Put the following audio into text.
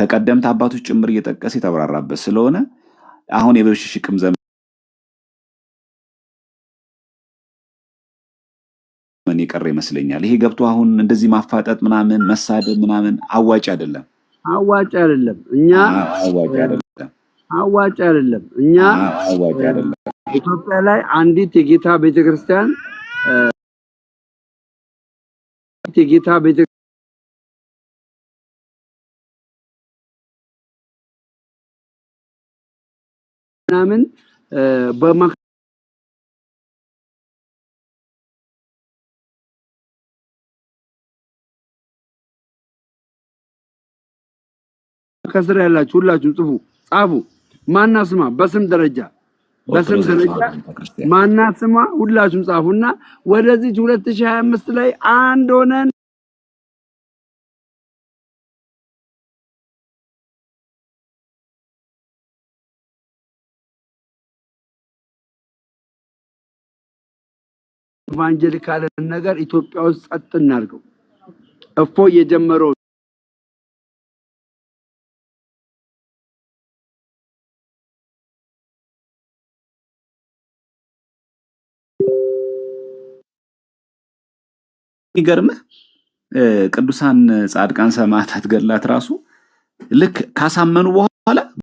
ከቀደምት አባቶች ጭምር እየጠቀሰ የተብራራበት ስለሆነ አሁን የብሽሽቅም ዘመን የቀረ ይመስለኛል። ይሄ ገብቶ አሁን እንደዚህ ማፋጠጥ ምናምን መሳደብ ምናምን አዋጭ አይደለም፣ አዋጭ አይደለም። እኛ አዋጭ አይደለም፣ አዋጭ አይደለም። እኛ አዋጭ አይደለም። ኢትዮጵያ ላይ አንዲት የጌታ ቤተክርስቲያን የጌታ ቤተ ምናምን በማ ከስር ያላችሁ ሁላችሁም ጽፉ ጻፉ። ማና ስማ በስም ደረጃ በስም ደረጃ ማና ስማ ሁላችሁም ጻፉና ወደዚች 2025 ላይ አንድ ሆነን ኢቫንጀሊካልን ነገር ኢትዮጵያ ውስጥ ጸጥ እናድርገው። እፎ የጀመረው ይገርምህ ቅዱሳን ጻድቃን ሰማዕታት ገድላት ራሱ ልክ ካሳመኑ በኋላ